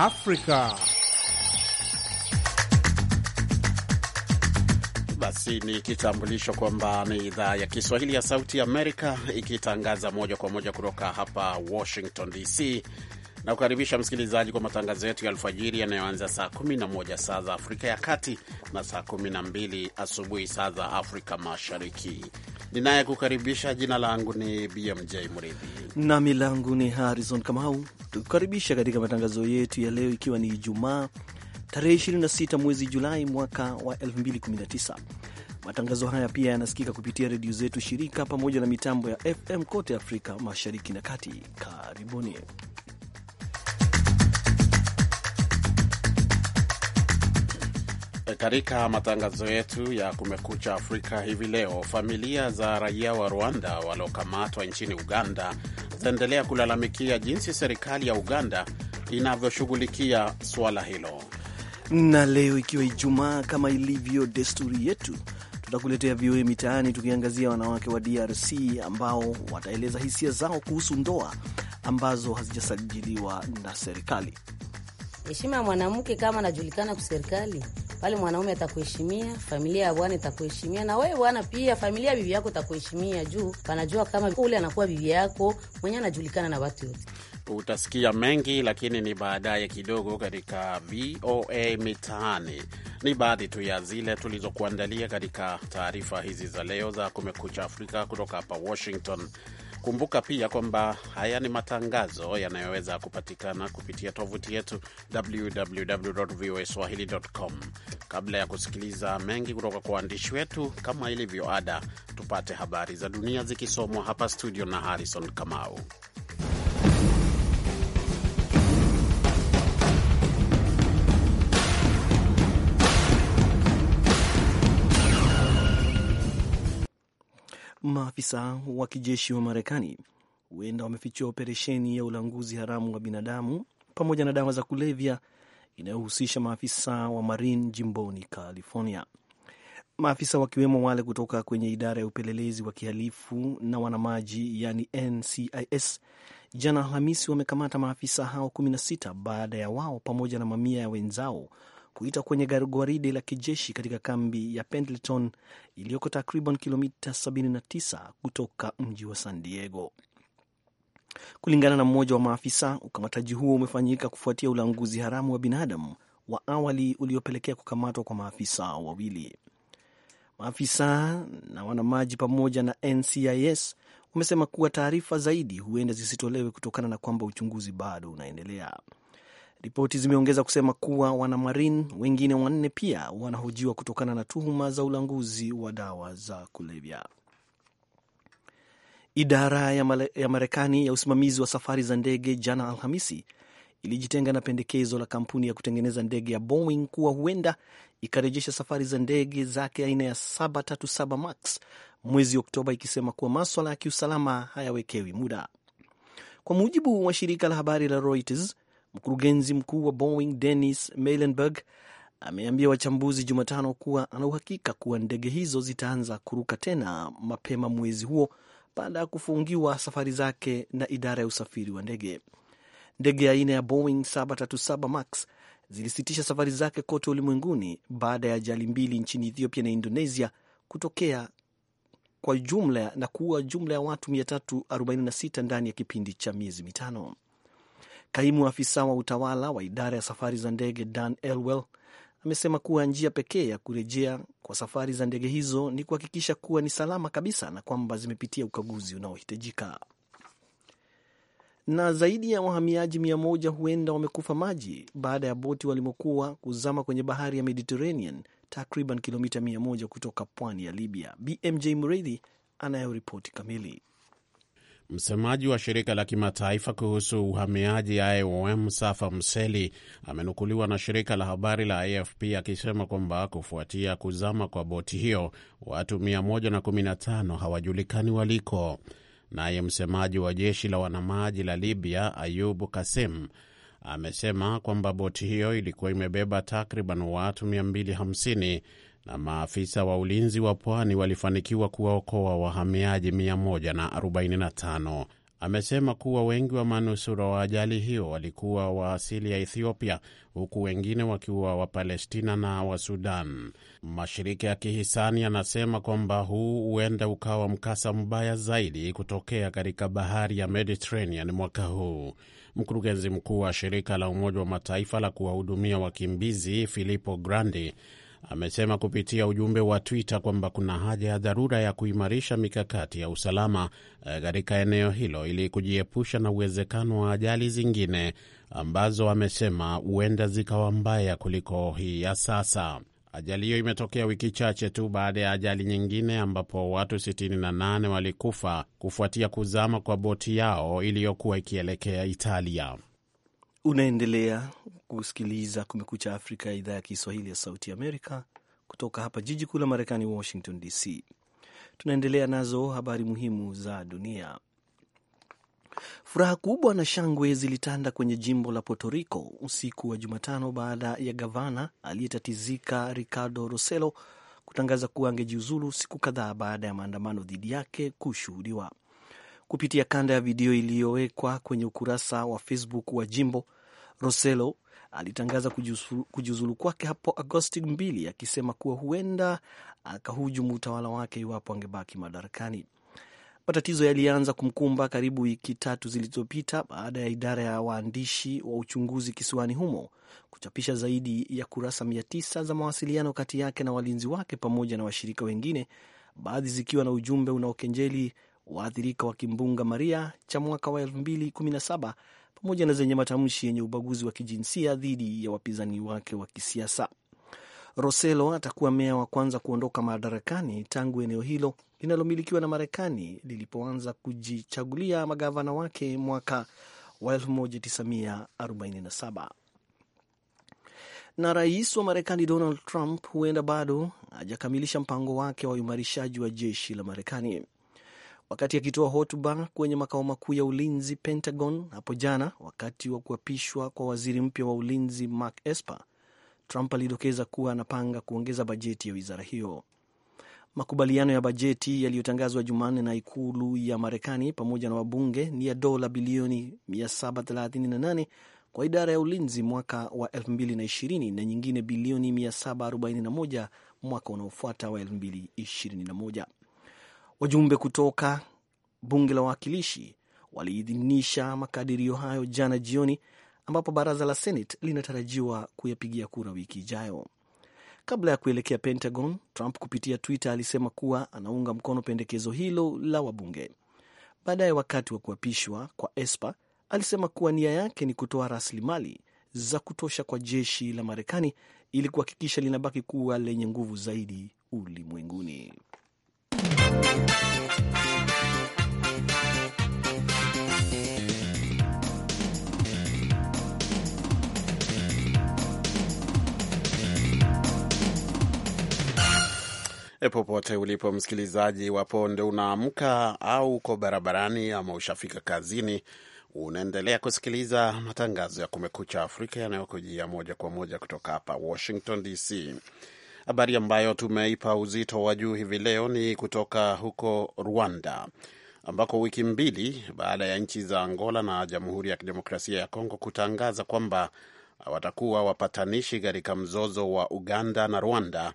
Afrika. Basi ni kitambulisho kwamba ni idhaa ya Kiswahili ya Sauti ya Amerika ikitangaza moja kwa moja kutoka hapa Washington DC na kukaribisha msikilizaji kwa matangazo yetu ya alfajiri yanayoanza saa 11 saa za Afrika ya Kati na saa 12 asubuhi saa za Afrika Mashariki. Ninayekukaribisha jina langu ni BMJ Mridhi nami langu ni Harrison Kamau, tukukaribisha katika matangazo yetu ya leo, ikiwa ni Ijumaa tarehe 26 mwezi Julai mwaka wa 2019. Matangazo haya pia yanasikika kupitia redio zetu shirika pamoja na mitambo ya FM kote Afrika Mashariki na Kati. Karibuni. Eh, katika matangazo yetu ya Kumekucha Afrika hivi leo, familia za raia wa Rwanda waliokamatwa nchini Uganda zitaendelea kulalamikia jinsi serikali ya Uganda inavyoshughulikia suala hilo. Na leo ikiwa Ijumaa, kama ilivyo desturi yetu, tutakuletea VOA Mitaani tukiangazia wanawake wa DRC ambao wataeleza hisia zao kuhusu ndoa ambazo hazijasajiliwa na serikali. Heshima ya mwanamke kama anajulikana kuserikali pale mwanaume atakuheshimia, familia ya bwana itakuheshimia, na wewe bwana pia familia ya bibi yako itakuheshimia, juu panajua kama ule anakuwa bibi yako mwenye anajulikana na watu wote. Utasikia mengi lakini ni baadaye kidogo katika VOA Mitaani. Ni baadhi tu ya zile tulizokuandalia katika taarifa hizi za leo za Kumekucha Afrika kutoka hapa Washington. Kumbuka pia kwamba haya ni matangazo yanayoweza kupatikana kupitia tovuti yetu www.voaswahili.com. Kabla ya kusikiliza mengi kutoka kwa waandishi wetu, kama ilivyo ada, tupate habari za dunia zikisomwa hapa studio na Harrison Kamau. Maafisa wa kijeshi wa Marekani huenda wamefichua operesheni ya ulanguzi haramu wa binadamu pamoja na dawa za kulevya inayohusisha maafisa wa Marine jimboni California. Maafisa wakiwemo wale kutoka kwenye idara ya upelelezi wa kihalifu na wanamaji yani NCIS jana Alhamisi wamekamata maafisa hao 16 baada ya wao pamoja na mamia ya wenzao kuita kwenye gwaride la kijeshi katika kambi ya Pendleton iliyoko takriban kilomita 79 kutoka mji wa San Diego. Kulingana na mmoja wa maafisa, ukamataji huo umefanyika kufuatia ulanguzi haramu wa binadamu wa awali uliopelekea kukamatwa kwa maafisa wawili. Maafisa na wanamaji pamoja na NCIS wamesema kuwa taarifa zaidi huenda zisitolewe kutokana na kwamba uchunguzi bado unaendelea. Ripoti zimeongeza kusema kuwa wanamarin wengine wanne pia wanahojiwa kutokana na tuhuma za ulanguzi wa dawa za kulevya. Idara ya Marekani ya usimamizi wa safari za ndege jana Alhamisi ilijitenga na pendekezo la kampuni ya kutengeneza ndege ya Boeing kuwa huenda ikarejesha safari za ndege zake aina ya 737 Max mwezi Oktoba, ikisema kuwa maswala ya kiusalama hayawekewi muda. Kwa mujibu wa shirika la habari la Reuters, Mkurugenzi mkuu wa Boeing Dennis Meilenberg ameambia wachambuzi Jumatano kuwa ana uhakika kuwa ndege hizo zitaanza kuruka tena mapema mwezi huo baada ya kufungiwa safari zake na idara ya usafiri wa ndege. Ndege aina ya Boeing 737 Max zilisitisha safari zake kote ulimwenguni baada ya ajali mbili nchini Ethiopia na Indonesia kutokea kwa jumla na kuua jumla ya watu 346 ndani ya kipindi cha miezi mitano. Kaimu afisa wa utawala wa idara ya safari za ndege Dan Elwell amesema kuwa njia pekee ya kurejea kwa safari za ndege hizo ni kuhakikisha kuwa ni salama kabisa na kwamba zimepitia ukaguzi unaohitajika. Na zaidi ya wahamiaji mia moja huenda wamekufa maji baada ya boti walimokuwa kuzama kwenye bahari ya Mediterranean, takriban kilomita mia moja kutoka pwani ya Libya. BMJ Mredhi anayo ripoti kamili. Msemaji wa shirika la kimataifa kuhusu uhamiaji IOM Safa Mseli amenukuliwa na shirika la habari la AFP akisema kwamba kufuatia kuzama kwa boti hiyo watu 115 hawajulikani waliko. Naye msemaji wa jeshi la wanamaji la Libya Ayubu Kasim amesema kwamba boti hiyo ilikuwa imebeba takriban watu 250 na maafisa wa ulinzi wa pwani walifanikiwa kuwaokoa wahamiaji 145. Amesema kuwa wengi wa manusura wa ajali hiyo walikuwa wa asili ya Ethiopia, huku wengine wakiwa Wapalestina na wa Sudan. Mashirika ya kihisani yanasema kwamba huu huenda ukawa mkasa mbaya zaidi kutokea katika bahari ya Mediterranean mwaka huu. Mkurugenzi mkuu wa shirika la Umoja wa Mataifa la kuwahudumia wakimbizi Filippo Grandi amesema kupitia ujumbe wa Twitter kwamba kuna haja ya dharura ya kuimarisha mikakati ya usalama eh, katika eneo hilo ili kujiepusha na uwezekano wa ajali zingine ambazo amesema huenda zikawa mbaya kuliko hii ya sasa. Ajali hiyo imetokea wiki chache tu baada ya ajali nyingine ambapo watu 68 walikufa kufuatia kuzama kwa boti yao iliyokuwa ikielekea Italia. Unaendelea kusikiliza Kumekucha Afrika ya idhaa ya Kiswahili ya Sauti Amerika kutoka hapa jiji kuu la Marekani, Washington DC. Tunaendelea nazo habari muhimu za dunia. Furaha kubwa na shangwe zilitanda kwenye jimbo la Puerto Rico usiku wa Jumatano baada ya gavana aliyetatizika Ricardo roselo kutangaza kuwa angejiuzulu siku kadhaa baada ya maandamano dhidi yake kushuhudiwa kupitia kanda ya video iliyowekwa kwenye ukurasa wa Facebook wa jimbo. Roselo alitangaza kujiuzulu kwake hapo Agosti mbili, akisema kuwa huenda akahujumu utawala wake iwapo angebaki madarakani. Matatizo yalianza kumkumba karibu wiki tatu zilizopita baada ya idara ya waandishi wa uchunguzi kisiwani humo kuchapisha zaidi ya kurasa mia tisa za mawasiliano kati yake na walinzi wake pamoja na washirika wengine, baadhi zikiwa na ujumbe unaokenjeli waathirika wa kimbunga Maria cha mwaka wa 2017 pamoja na zenye matamshi yenye ubaguzi wa kijinsia dhidi ya wapinzani wake wa kisiasa. Roselo atakuwa meya wa kwanza kuondoka madarakani tangu eneo hilo linalomilikiwa na Marekani lilipoanza kujichagulia magavana wake mwaka wa 1947 na rais wa Marekani Donald Trump huenda bado hajakamilisha mpango wake wa uimarishaji wa jeshi la Marekani wakati akitoa hotuba kwenye makao makuu ya ulinzi Pentagon hapo jana wakati wa kuapishwa kwa waziri mpya wa ulinzi Mark Esper, Trump alidokeza kuwa anapanga kuongeza bajeti ya wizara hiyo. Makubaliano ya bajeti yaliyotangazwa Jumanne na ikulu ya Marekani pamoja na wabunge ni ya dola bilioni 738 kwa idara ya ulinzi mwaka wa 2020 na nyingine bilioni 741 mwaka unaofuata wa 2021. Wajumbe kutoka bunge la wawakilishi waliidhinisha makadirio hayo jana jioni, ambapo baraza la Senate linatarajiwa kuyapigia kura wiki ijayo. Kabla ya kuelekea Pentagon, Trump kupitia Twitter alisema kuwa anaunga mkono pendekezo hilo la wabunge. Baadaye, wakati wa kuapishwa kwa Esper, alisema kuwa nia yake ni kutoa rasilimali za kutosha kwa jeshi la Marekani ili kuhakikisha linabaki kuwa lenye nguvu zaidi ulimwenguni. E, popote ulipo msikilizaji, wapo ndo unaamka au uko barabarani ama ushafika kazini, unaendelea kusikiliza matangazo ya Kumekucha Afrika yanayokujia moja kwa moja kutoka hapa Washington DC. Habari ambayo tumeipa uzito wa juu hivi leo ni kutoka huko Rwanda ambako wiki mbili baada ya nchi za Angola na Jamhuri ya Kidemokrasia ya Kongo kutangaza kwamba watakuwa wapatanishi katika mzozo wa Uganda na Rwanda,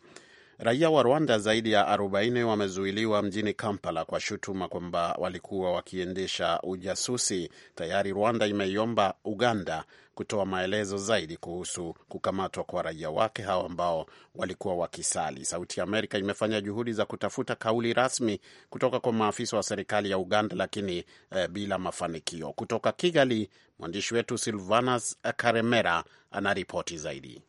raia wa Rwanda zaidi ya 40 wamezuiliwa mjini Kampala kwa shutuma kwamba walikuwa wakiendesha ujasusi. Tayari Rwanda imeiomba Uganda kutoa maelezo zaidi kuhusu kukamatwa kwa raia wake hao ambao walikuwa wakisali. Sauti ya Amerika imefanya juhudi za kutafuta kauli rasmi kutoka kwa maafisa wa serikali ya Uganda, lakini eh, bila mafanikio. Kutoka Kigali, mwandishi wetu Silvanas Karemera anaripoti zaidi.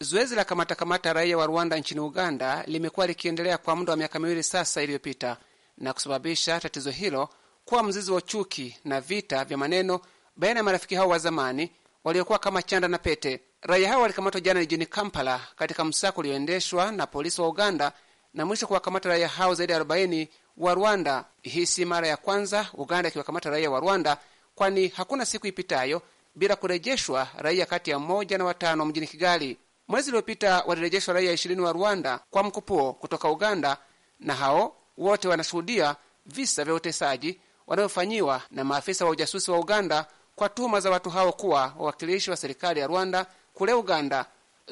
Zoezi la kamata kamata raia wa Rwanda nchini Uganda limekuwa likiendelea kwa muda wa miaka miwili sasa iliyopita na kusababisha tatizo hilo kuwa mzizi wa chuki na vita vya maneno baina ya marafiki hao wa zamani waliokuwa kama chanda na pete. Raia hao walikamatwa jana jijini Kampala katika msako ulioendeshwa na polisi wa Uganda na mwisho kuwakamata raia hao zaidi ya 40 wa Rwanda. Hii si mara ya kwanza Uganda ikiwakamata raia wa Rwanda, kwani hakuna siku ipitayo bila kurejeshwa raia kati ya moja na watano mjini Kigali. Mwezi uliopita walirejeshwa raia ishirini wa Rwanda kwa mkupuo kutoka Uganda, na hao wote wanashuhudia visa vya utesaji wanayofanyiwa na maafisa wa ujasusi wa Uganda kwa tuhuma za watu hao kuwa wawakilishi wa serikali ya Rwanda kule Uganda.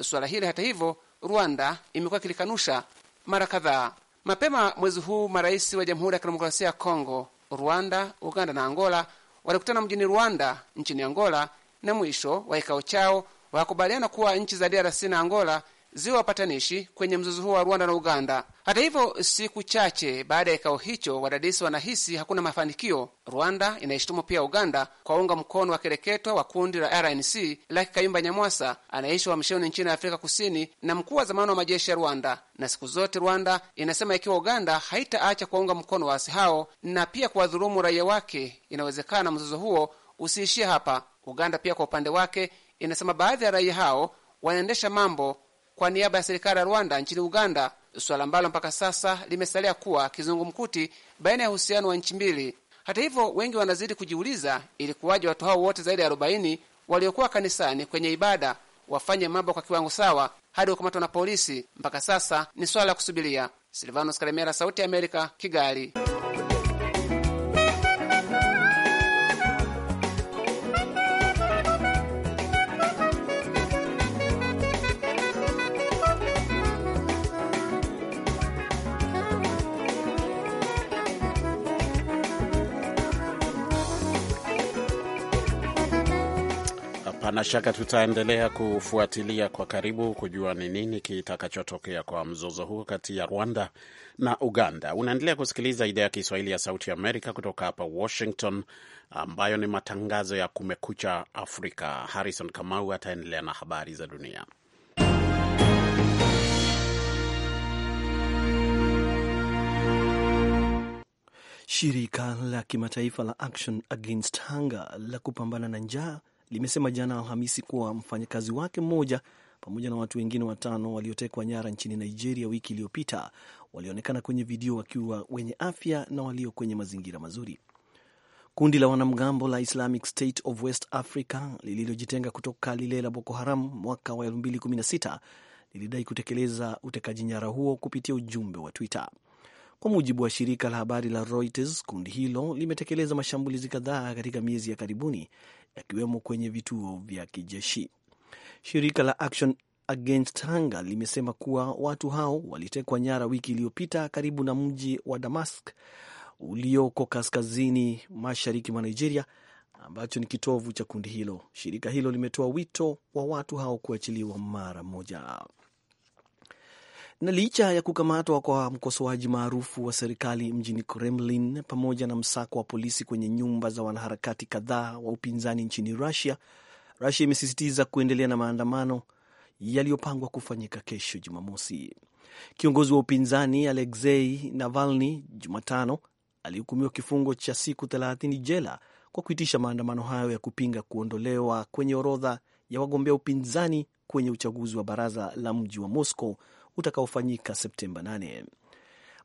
Swala hili hata hivyo, Rwanda imekuwa ikilikanusha mara kadhaa. Mapema mwezi huu marais wa Jamhuri ya Kidemokrasia ya Kongo, Rwanda, Uganda na Angola walikutana mjini Rwanda nchini Angola, na mwisho wa kikao chao wakakubaliana kuwa nchi za DRC na Angola ziwe wapatanishi kwenye mzozo huo wa Rwanda na Uganda. Hata hivyo, siku chache baada ya kikao hicho, wadadisi wanahisi hakuna mafanikio. Rwanda inaishtumu pia Uganda kwa unga mkono wa kereketwa wa kundi la RNC la Kayumba Nyamwasa anaishi uhamishoni nchini Afrika Kusini na mkuu wa zamani wa majeshi ya Rwanda. Na siku zote Rwanda inasema ikiwa Uganda haitaacha kuwaunga mkono waasi hao na pia kuwadhulumu raia wake, inawezekana mzozo huo usiishie hapa. Uganda pia kwa upande wake inasema baadhi ya raia hao wanaendesha mambo kwa niaba ya serikali ya Rwanda nchini Uganda, suala ambalo mpaka sasa limesalia kuwa kizungumkuti baina ya uhusiano wa nchi mbili. Hata hivyo, wengi wanazidi kujiuliza ilikuwaje watu hao wote zaidi ya 40 waliokuwa kanisani kwenye ibada wafanye mambo kwa kiwango sawa hadi kukamatwa na polisi. Mpaka sasa ni swala la kusubilia. Silvanos Karemera, Sauti ya Amerika, Kigali. Bila shaka tutaendelea kufuatilia kwa karibu kujua ni nini kitakachotokea kwa mzozo huo kati ya Rwanda na Uganda. Unaendelea kusikiliza idhaa ya Kiswahili ya Sauti Amerika kutoka hapa Washington, ambayo ni matangazo ya Kumekucha Afrika. Harrison Kamau ataendelea na habari za dunia. Shirika la kimataifa la Action Against Hunger la kupambana na njaa limesema jana Alhamisi kuwa mfanyakazi wake mmoja pamoja na watu wengine watano waliotekwa nyara nchini Nigeria wiki iliyopita walionekana kwenye video wakiwa wenye afya na walio kwenye mazingira mazuri. Kundi la wanamgambo la Islamic State of West Africa lililojitenga kutoka lile la Boko Haram mwaka wa 2016 lilidai kutekeleza utekaji nyara huo kupitia ujumbe wa Twitter. Kwa mujibu wa shirika la habari la Reuters, kundi hilo limetekeleza mashambulizi kadhaa katika miezi ya karibuni yakiwemo kwenye vituo vya kijeshi. Shirika la Action Against Hunger limesema kuwa watu hao walitekwa nyara wiki iliyopita karibu na mji wa Damask ulioko kaskazini mashariki mwa Nigeria, ambacho ni kitovu cha kundi hilo. Shirika hilo limetoa wito wa watu hao kuachiliwa mara moja. Na licha ya kukamatwa kwa mkosoaji maarufu wa serikali mjini Kremlin pamoja na msako wa polisi kwenye nyumba za wanaharakati kadhaa wa upinzani nchini Rusia, Rusia imesisitiza kuendelea na maandamano yaliyopangwa kufanyika kesho Jumamosi. Kiongozi wa upinzani Alexei Navalny Jumatano alihukumiwa kifungo cha siku 30 jela kwa kuitisha maandamano hayo ya kupinga kuondolewa kwenye orodha ya wagombea upinzani kwenye uchaguzi wa baraza la mji wa Moscow utakaofanyika Septemba 8.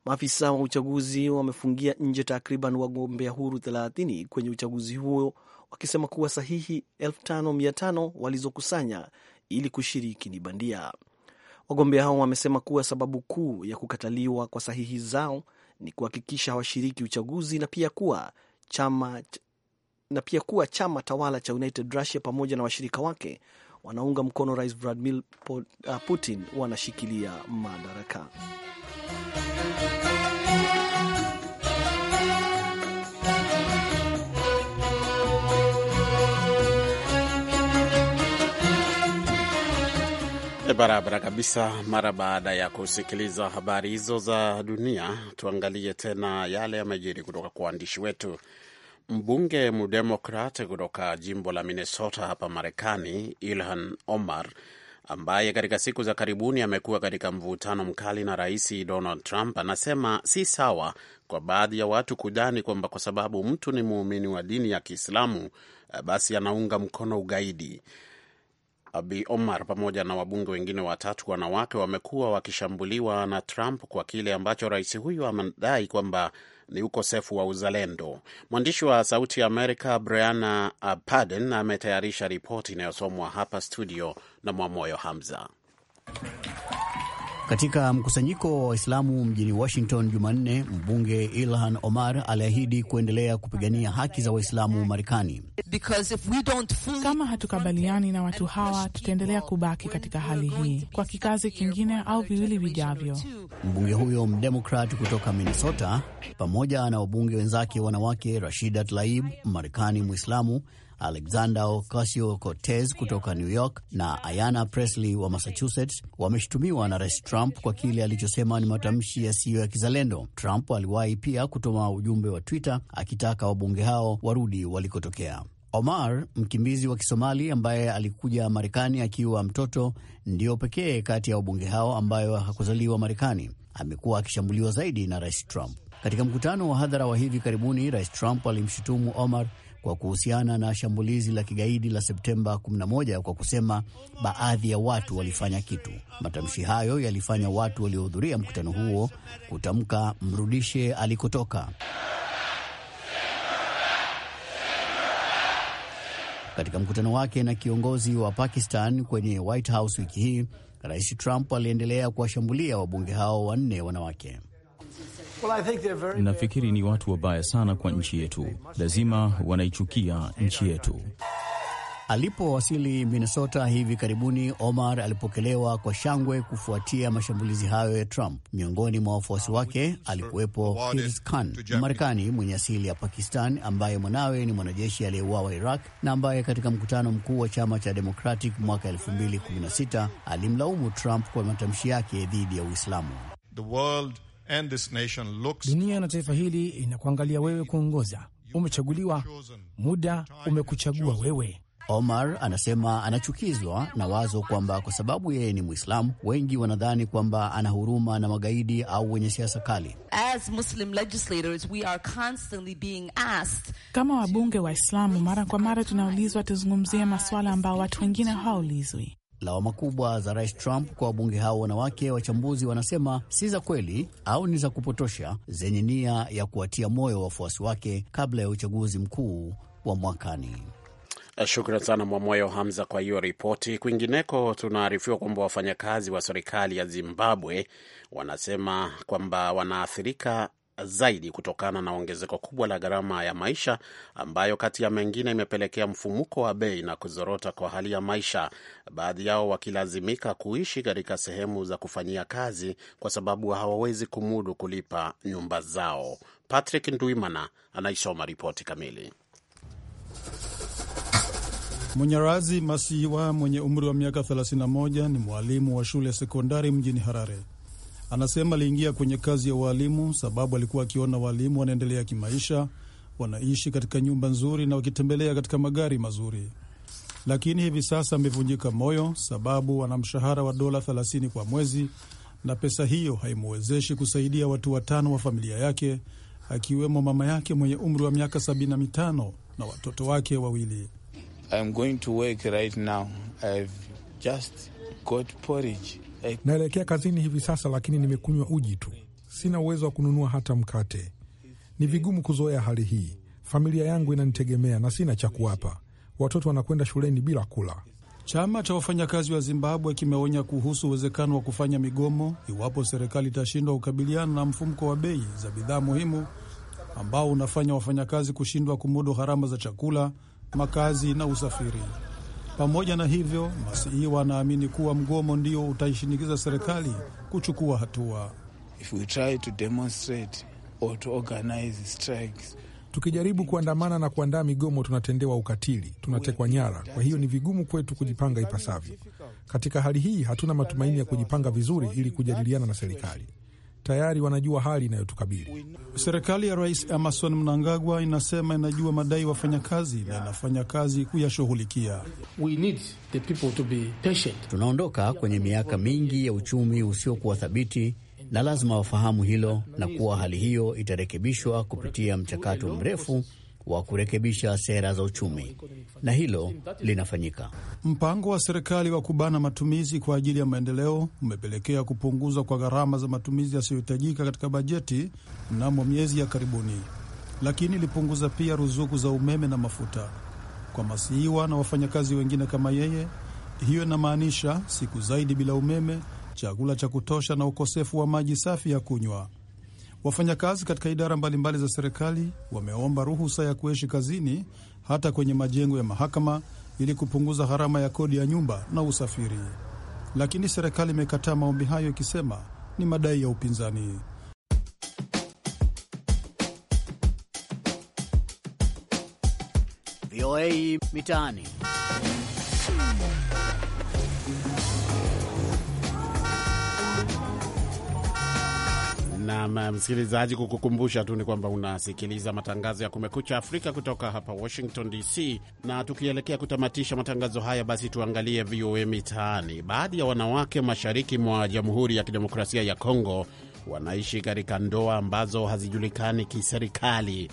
Maafisa wa uchaguzi wamefungia nje takriban wagombea huru 30 kwenye uchaguzi huo wakisema kuwa sahihi 5500 walizokusanya ili kushiriki ni bandia. Wagombea hao wamesema kuwa sababu kuu ya kukataliwa kwa sahihi zao ni kuhakikisha hawashiriki uchaguzi na pia kuwa chama na pia kuwa chama tawala cha United Russia pamoja na washirika wake wanaunga mkono Rais Vladimir uh, Putin wanashikilia madaraka. E, barabara kabisa. Mara baada ya kusikiliza habari hizo za dunia, tuangalie tena yale yamejiri kutoka kwa waandishi wetu. Mbunge mdemokrat kutoka jimbo la Minnesota hapa Marekani, Ilhan Omar, ambaye katika siku za karibuni amekuwa katika mvutano mkali na Rais Donald Trump, anasema si sawa kwa baadhi ya watu kudhani kwamba kwa sababu mtu ni muumini wa dini ya Kiislamu eh, basi anaunga mkono ugaidi. Abi Omar pamoja na wabunge wengine watatu wanawake wamekuwa wakishambuliwa na Trump kwa kile ambacho rais huyu amedai kwamba ni ukosefu wa uzalendo. Mwandishi wa Sauti ya Amerika Briana uh, Paden ametayarisha ripoti inayosomwa hapa studio na Mwamoyo Hamza. Katika mkusanyiko wa Waislamu mjini Washington Jumanne, mbunge Ilhan Omar aliahidi kuendelea kupigania haki za Waislamu Marekani. Kama hatukabaliani na watu hawa, tutaendelea kubaki katika hali hii kwa kikazi kingine au viwili vijavyo. Mbunge huyo mdemokrat kutoka Minnesota pamoja na wabunge wenzake wanawake Rashida Tlaib, Marekani Mwislamu, Alexander Ocasio Cortez kutoka New York na Ayana Presley wa Massachusetts wameshutumiwa na Rais Trump kwa kile alichosema ni matamshi yasiyo ya kizalendo. Trump aliwahi pia kutuma ujumbe wa Twitter akitaka wabunge hao warudi walikotokea. Omar, mkimbizi wa Kisomali ambaye alikuja Marekani akiwa mtoto, ndiyo pekee kati ya wabunge hao ambayo hakuzaliwa Marekani, amekuwa akishambuliwa zaidi na Rais Trump. Katika mkutano wa hadhara wa hivi karibuni, Rais Trump alimshutumu Omar kwa kuhusiana na shambulizi la kigaidi la Septemba 11 kwa kusema baadhi ya watu walifanya kitu. Matamshi hayo yalifanya watu waliohudhuria mkutano huo kutamka mrudishe alikotoka. Katika mkutano wake na kiongozi wa Pakistan kwenye White House wiki hii, Rais Trump aliendelea kuwashambulia wabunge hao wanne wanawake nafikiri ni watu wabaya sana kwa nchi yetu, lazima wanaichukia nchi yetu. Alipowasili Minnesota hivi karibuni, Omar alipokelewa kwa shangwe kufuatia mashambulizi hayo ya Trump. Miongoni mwa wafuasi wake alikuwepo Hirs Khan, Marekani mwenye asili ya Pakistan, ambaye mwanawe ni mwanajeshi aliyeuawa Iraq na ambaye katika mkutano mkuu wa chama cha Democratic mwaka 2016 alimlaumu Trump kwa matamshi yake dhidi ya Uislamu. The world And this nation looks... dunia na taifa hili inakuangalia wewe kuongoza. Umechaguliwa, muda umekuchagua wewe. Omar anasema anachukizwa na wazo kwamba kwa sababu yeye ni Mwislamu, wengi wanadhani kwamba ana huruma na magaidi au wenye siasa kali. Kama wabunge Waislamu, mara kwa mara tunaulizwa tuzungumzie masuala ambayo watu wengine hawaulizwi lawama kubwa za Rais Trump kwa wabunge hao wanawake, wachambuzi wanasema si za kweli au ni za kupotosha, zenye nia ya kuwatia moyo wafuasi wake kabla ya uchaguzi mkuu wa mwakani. Eh, shukran sana Mwamoyo Hamza kwa hiyo ripoti. Kwingineko, tunaarifiwa kwamba wafanyakazi wa serikali ya Zimbabwe wanasema kwamba wanaathirika zaidi kutokana na ongezeko kubwa la gharama ya maisha ambayo kati ya mengine imepelekea mfumuko wa bei na kuzorota kwa hali ya maisha, baadhi yao wakilazimika kuishi katika sehemu za kufanyia kazi kwa sababu hawawezi kumudu kulipa nyumba zao. Patrick Ndwimana anaisoma ripoti kamili. Munyarazi Masiwa mwenye umri wa miaka 31 ni mwalimu wa shule ya sekondari mjini Harare. Anasema aliingia kwenye kazi ya waalimu sababu alikuwa akiona waalimu wanaendelea kimaisha, wanaishi katika nyumba nzuri na wakitembelea katika magari mazuri, lakini hivi sasa amevunjika moyo sababu ana mshahara wa dola 30 kwa mwezi na pesa hiyo haimwezeshi kusaidia watu watano wa familia yake akiwemo mama yake mwenye umri wa miaka 75 na watoto wake wawili. I'm going to work right now. I've just got porridge. Naelekea kazini hivi sasa, lakini nimekunywa uji tu. Sina uwezo wa kununua hata mkate. Ni vigumu kuzoea hali hii. Familia yangu inanitegemea na sina cha kuwapa. Watoto wanakwenda shuleni bila kula. Chama cha wafanyakazi wa Zimbabwe kimeonya kuhusu uwezekano wa kufanya migomo iwapo serikali itashindwa kukabiliana na mfumko wa bei za bidhaa muhimu ambao unafanya wafanyakazi kushindwa kumudu gharama za chakula, makazi na usafiri. Pamoja na hivyo, Masihi wanaamini kuwa mgomo ndio utaishinikiza serikali kuchukua hatua. If we try to demonstrate or to organize strikes, tukijaribu kuandamana na kuandaa migomo tunatendewa ukatili, tunatekwa nyara. Kwa hiyo ni vigumu kwetu kujipanga ipasavyo. Katika hali hii, hatuna matumaini ya kujipanga vizuri ili kujadiliana na serikali tayari wanajua hali inayotukabili. Serikali ya Rais Emerson Mnangagwa inasema inajua madai wafanyakazi na inafanya kazi kuyashughulikia. Tunaondoka kwenye miaka mingi ya uchumi usiokuwa thabiti na lazima wafahamu hilo na kuwa hali hiyo itarekebishwa kupitia mchakato mrefu wa kurekebisha sera za uchumi, na hilo linafanyika. Mpango wa serikali wa kubana matumizi kwa ajili ya maendeleo umepelekea kupunguzwa kwa gharama za matumizi yasiyohitajika katika bajeti mnamo miezi ya karibuni, lakini ilipunguza pia ruzuku za umeme na mafuta kwa masiiwa na wafanyakazi wengine kama yeye. Hiyo inamaanisha siku zaidi bila umeme, chakula cha kutosha na ukosefu wa maji safi ya kunywa. Wafanyakazi katika idara mbalimbali za serikali wameomba ruhusa ya kuishi kazini hata kwenye majengo ya mahakama ili kupunguza gharama ya kodi ya nyumba na usafiri, lakini serikali imekataa maombi hayo ikisema ni madai ya upinzani. VOA Mitaani. Na msikilizaji, kukukumbusha tu ni kwamba unasikiliza matangazo ya Kumekucha Afrika kutoka hapa Washington DC, na tukielekea kutamatisha matangazo haya, basi tuangalie VOA Mitaani. Baadhi ya wanawake mashariki mwa Jamhuri ya Kidemokrasia ya Kongo wanaishi katika ndoa ambazo hazijulikani kiserikali.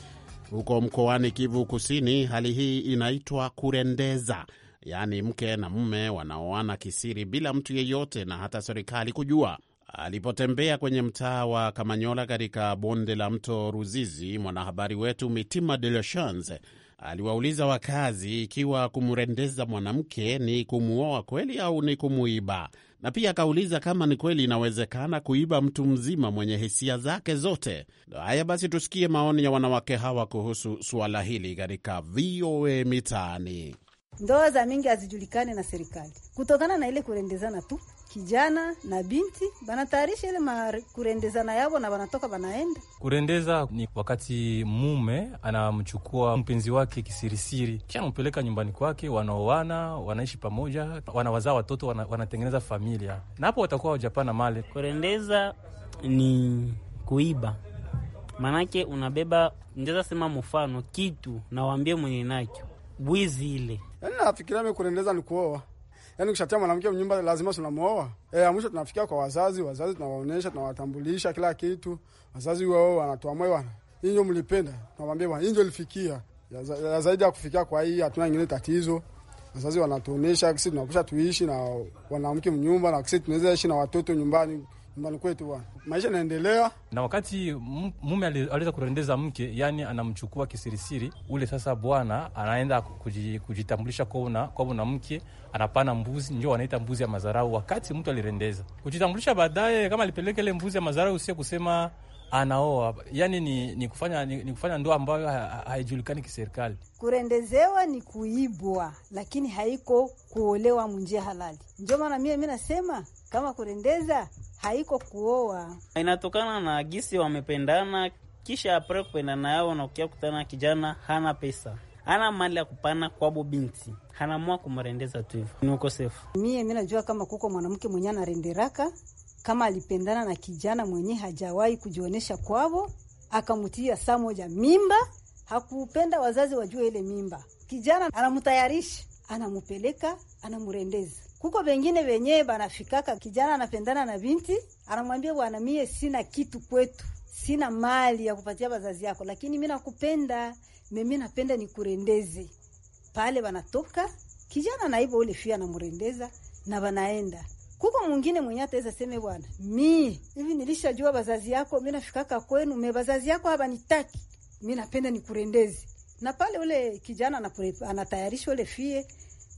Huko mkoani Kivu Kusini, hali hii inaitwa kurendeza, yaani mke na mume wanaoana kisiri bila mtu yeyote na hata serikali kujua alipotembea kwenye mtaa wa Kamanyola katika bonde la mto Ruzizi. Mwanahabari wetu Mitima de la Chance aliwauliza wakazi ikiwa kumrendeza mwanamke ni kumuoa kweli au ni kumuiba, na pia akauliza kama ni kweli inawezekana kuiba mtu mzima mwenye hisia zake zote. Haya basi, tusikie maoni ya wanawake hawa kuhusu suala hili katika VOA Mitaani. Ndoa za mingi hazijulikani na serikali kutokana na ile kurendezana tu kijana na binti banatayarisha ile kurendezana yavo na wanatoka wanaenda kurendeza. Ni wakati mume anamchukua mpenzi wake kisirisiri, kisha anampeleka nyumbani kwake, wanaoana, wanaishi pamoja, wanawazaa watoto, wana, wanatengeneza familia, na hapo watakuwa wajapana male. Kurendeza ni kuiba, maanake unabeba ndeza, sema mfano kitu, nawambie mwenye nacho bwizi ile. mi yaani kurendeza ni kuoa yani ukishatia mwanamke mnyumba lazima tunamuoa. Eh, mwisho tunafikia kwa wazazi, wazazi tunawaonyesha, tunawatambulisha kila kitu. Wazazi wao wanatoa bwana, Hii ndio mlipenda. Tunamwambia bwana, hii ndio ilifikia. Ya zaidi ya kufikia kwa hii hatuna nyingine tatizo. Wazazi wanatuonesha sisi tunakusha tuishi na wanamke mnyumba na sisi tunaweza ishi na watoto nyumbani nyumbani kwetu bwana, maisha yanaendelea. Na wakati mume aliweza kurendeza mke, yani anamchukua kisirisiri ule. Sasa bwana anaenda kujitambulisha kwa na mke, anapana mbuzi, ndio wanaita mbuzi ya mazarau, wakati mtu alirendeza kujitambulisha. Baadaye kama alipeleka ile mbuzi ya mazarau, sio kusema anaoa yani ni, ni kufanya ni, ni kufanya ndoa ambayo haijulikani kiserikali. Kurendezewa ni kuibwa, lakini haiko kuolewa munjia halali. Ndio maana mie mi nasema kama kurendeza haiko kuoa, inatokana na gisi wamependana, kisha apre kupendana yao nakia kutana, kijana hana pesa hana mali ya kupana kwabo, binti hanamua kumrendeza tu hivo, ni ukosefu. Mie mi najua kama kuko mwanamke mwenye anarenderaka kama alipendana na kijana mwenye hajawahi kujionyesha kwavo, akamtia saa moja mimba, hakupenda wazazi wajue ile mimba. Kijana anamtayarisha, anamupeleka, anamrendeza. Kuko vengine venyewe banafikaka, kijana anapendana na binti, anamwambia bwana, mie sina kitu kwetu, sina mali ya kupatia wazazi yako, lakini mi nakupenda, mimi napenda nikurendeze. Pale wanatoka kijana ule fia, anamrendeza na wanaenda kuko mwingine mwenye ataweza sema bwana, mi hivi nilishajua bazazi yako, mi nafikaka kwenu me bazazi yako haba nitaki mi napenda nikurendeze. Na pale ule kijana anatayarisha ule fie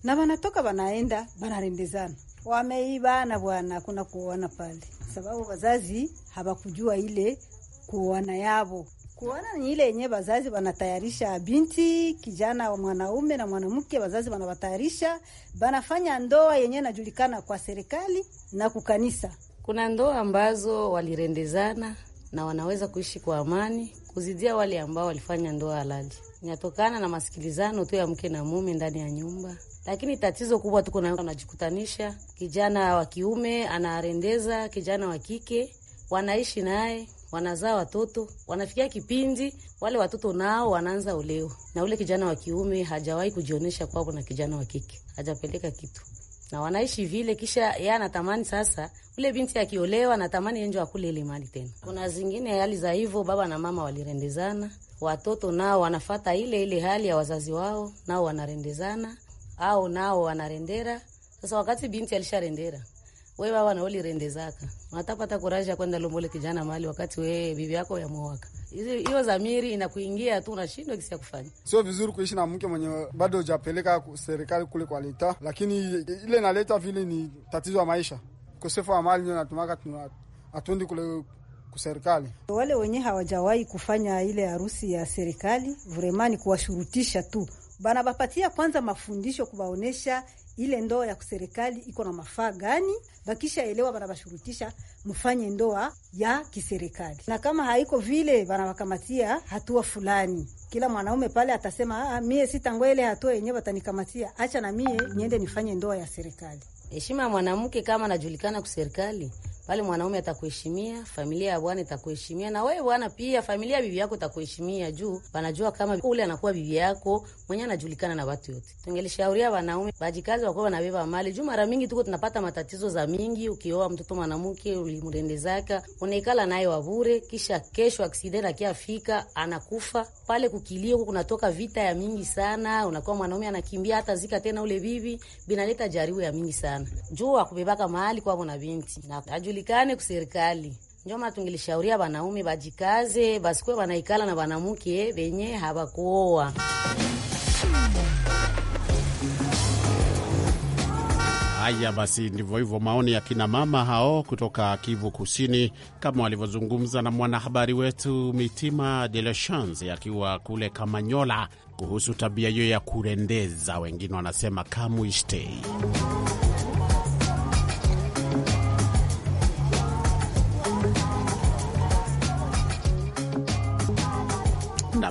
na wanatoka wanaenda wanarendezana, wameibana bwana, hakuna kuoana pale, sababu wazazi hawakujua ile kuoana yavo kuona ni ile yenye wazazi wanatayarisha binti kijana wa mwanaume na mwanamke, wazazi wanawatayarisha banafanya ndoa yenyewe najulikana kwa serikali na kukanisa. Kuna ndoa ambazo walirendezana na wanaweza kuishi kwa amani kuzidia wale ambao walifanya ndoa halali. Inatokana na masikilizano tu ya mke na mume ndani ya nyumba, lakini tatizo kubwa tuko nayo, wanajikutanisha kijana wa kiume anarendeza kijana wa kike, wanaishi naye wanazaa watoto, wanafikia kipindi wale watoto nao wanaanza uleo, na ule kijana wa kiume hajawahi kujionyesha kwao, kuna kijana wa kike hajapeleka kitu na wanaishi vile, kisha yeye anatamani sasa, ule binti akiolewa anatamani enjo akule ile mali tena. Kuna zingine hali za hivyo, baba na mama walirendezana, watoto nao wanafata ile ile hali ya wazazi wao, nao wanarendezana, au nao wanarendera. Sasa wakati binti alisharendera wewe hawa na ulirende zaka watapata kuraji ya kwenda lombole kijana mali wakati wewe bibi yako mwaka hiyo zamiri inakuingia tu, unashindwa kisi ya kufanya. Sio vizuri kuishi na mke mwenye bado hujapeleka serikali kule kwa leta, lakini ile naleta vile ni tatizo ya maisha. kosefu wa mali ndio natumaka hatuendi kule kuserikali. Wale wenye hawajawahi kufanya ile harusi ya serikali, vremani kuwashurutisha tu, bana bapatia kwanza mafundisho kubaonesha ile ndoa ya kiserikali iko na mafaa gani? elewa banabashurutisha mfanye ndoa ya kiserikali, na kama haiko vile banabakamatia hatua fulani. Kila mwanaume pale atasema ah, ah, mie sitangwa ile hatua yenyewe watanikamatia, acha na mie niende nifanye ndoa ya serikali. Heshima ya mwanamke kama anajulikana kuserikali pale mwanaume atakuheshimia, familia ya bwana itakuheshimia, na wewe bwana pia familia ya bibi yako itakuheshimia, juu wanajua kama ule anakuwa bibi yako mwenye anajulikana na watu yote. Tungelishauria wanaume bajikazi wakuwa wanabeba mali, juu mara mingi tuko tunapata matatizo za mingi. Ukioa mtoto mwanamke ulimrendezaka, unaikala naye wavure, kisha kesho aksidenti akiafika anakufa pale. Kukilia huko kunatoka vita ya mingi sana, unakuwa mwanaume anakimbia hata zika tena ule bibi, binaleta jaribu ya mingi sana juu akubebaka mahali kwavo na binti na ijulikane ku serikali njoma tungilishauria wanaume bajikaze, basikuwe wanaikala na wanamke wenye hawakuoa. Haya basi, ndivyo hivyo maoni ya kina mama hao kutoka Kivu Kusini, kama walivyozungumza na mwanahabari wetu Mitima de la Chance akiwa kule Kamanyola kuhusu tabia hiyo ya kurendeza, wengine wanasema kamuistei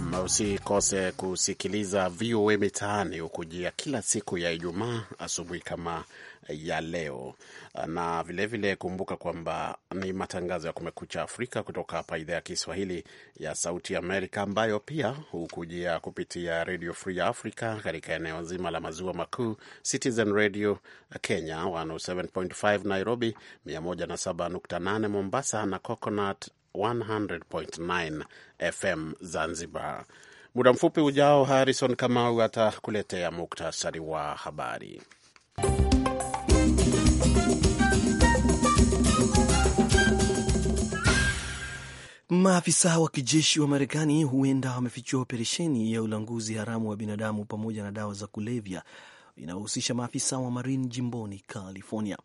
Nam, usikose kusikiliza VOA Mitaani hukujia kila siku ya Ijumaa asubuhi kama ya leo, na vilevile vile kumbuka kwamba ni matangazo ya Kumekucha Afrika kutoka hapa idhaa ya Kiswahili ya Sauti Amerika, ambayo pia hukujia kupitia Radio Free Africa katika eneo zima la maziwa makuu, Citizen Radio Kenya 107.5 Nairobi, 107.8 Mombasa na Coconut 100.9 FM Zanzibar. Muda mfupi ujao, Harrison Kamau atakuletea muktasari wa habari. Maafisa wa kijeshi wa Marekani huenda wamefichua operesheni ya ulanguzi haramu wa binadamu pamoja na dawa za kulevya inayohusisha maafisa wa Marine jimboni California.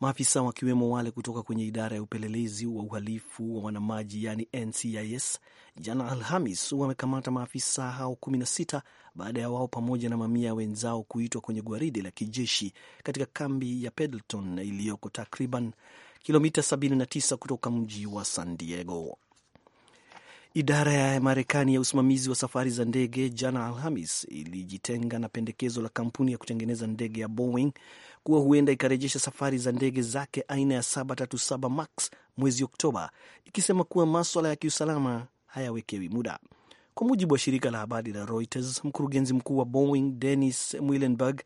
Maafisa wakiwemo wale kutoka kwenye idara ya upelelezi wa uhalifu wa wanamaji yani NCIS jana Alhamis wamekamata maafisa hao 16 baada ya wao pamoja na mamia wenzao kuitwa kwenye gwaride la kijeshi katika kambi ya Pendleton iliyoko takriban kilomita 79 kutoka mji wa San Diego. Idara ya Marekani ya usimamizi wa safari za ndege jana Alhamis ilijitenga na pendekezo la kampuni ya kutengeneza ndege ya Boeing kuwa huenda ikarejesha safari za ndege zake aina ya 737 Max mwezi Oktoba, ikisema kuwa maswala ya kiusalama hayawekewi muda. Kwa mujibu wa shirika la habari la Reuters, mkurugenzi mkuu wa Boeing Dennis Muilenburg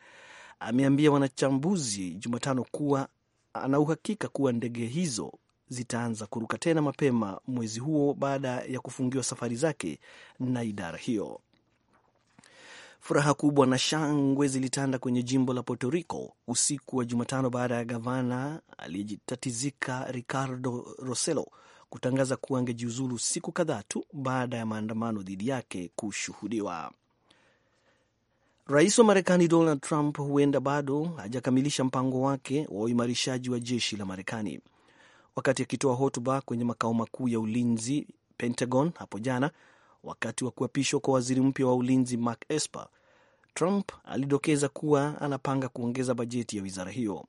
ameambia wanachambuzi Jumatano kuwa ana uhakika kuwa ndege hizo zitaanza kuruka tena mapema mwezi huo baada ya kufungiwa safari zake na idara hiyo. Furaha kubwa na shangwe zilitanda kwenye jimbo la Puerto Rico usiku wa Jumatano baada ya gavana aliyetatizika Ricardo Rossello kutangaza kuwa angejiuzulu siku kadhaa tu baada ya maandamano dhidi yake kushuhudiwa. Rais wa Marekani Donald Trump huenda bado hajakamilisha mpango wake wa uimarishaji wa jeshi la Marekani. Wakati akitoa hotuba kwenye makao makuu ya ulinzi Pentagon hapo jana, Wakati wa kuapishwa kwa waziri mpya wa ulinzi Mark Esper, Trump alidokeza kuwa anapanga kuongeza bajeti ya wizara hiyo.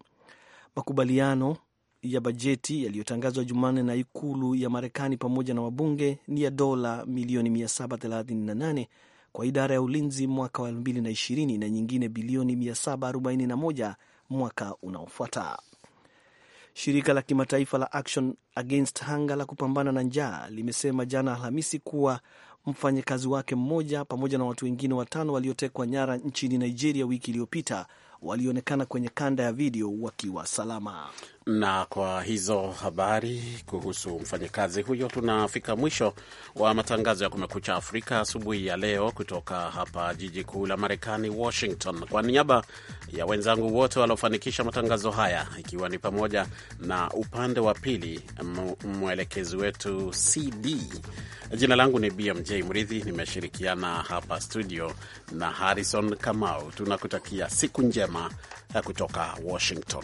Makubaliano ya bajeti yaliyotangazwa Jumanne na ikulu ya Marekani pamoja na wabunge ni ya dola milioni 738 kwa idara ya ulinzi mwaka wa 2020 na nyingine bilioni 741 mwaka unaofuata. Shirika la kimataifa la Action Against Hunger la kupambana na njaa limesema jana Alhamisi kuwa mfanyakazi wake mmoja pamoja na watu wengine watano waliotekwa nyara nchini Nigeria wiki iliyopita walionekana kwenye kanda ya video wakiwa salama. Na kwa hizo habari kuhusu mfanyakazi huyo, tunafika mwisho wa matangazo ya Kumekucha Afrika asubuhi ya leo, kutoka hapa jiji kuu la Marekani, Washington. Kwa niaba ya wenzangu wote waliofanikisha matangazo haya, ikiwa ni pamoja na upande wa pili mwelekezi wetu CD, jina langu ni BMJ Mridhi, nimeshirikiana hapa studio na Harrison Kamau. Tunakutakia siku njema kutoka Washington.